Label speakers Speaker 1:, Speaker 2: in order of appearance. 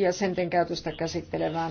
Speaker 1: jäsenten käytöstä käsittelevään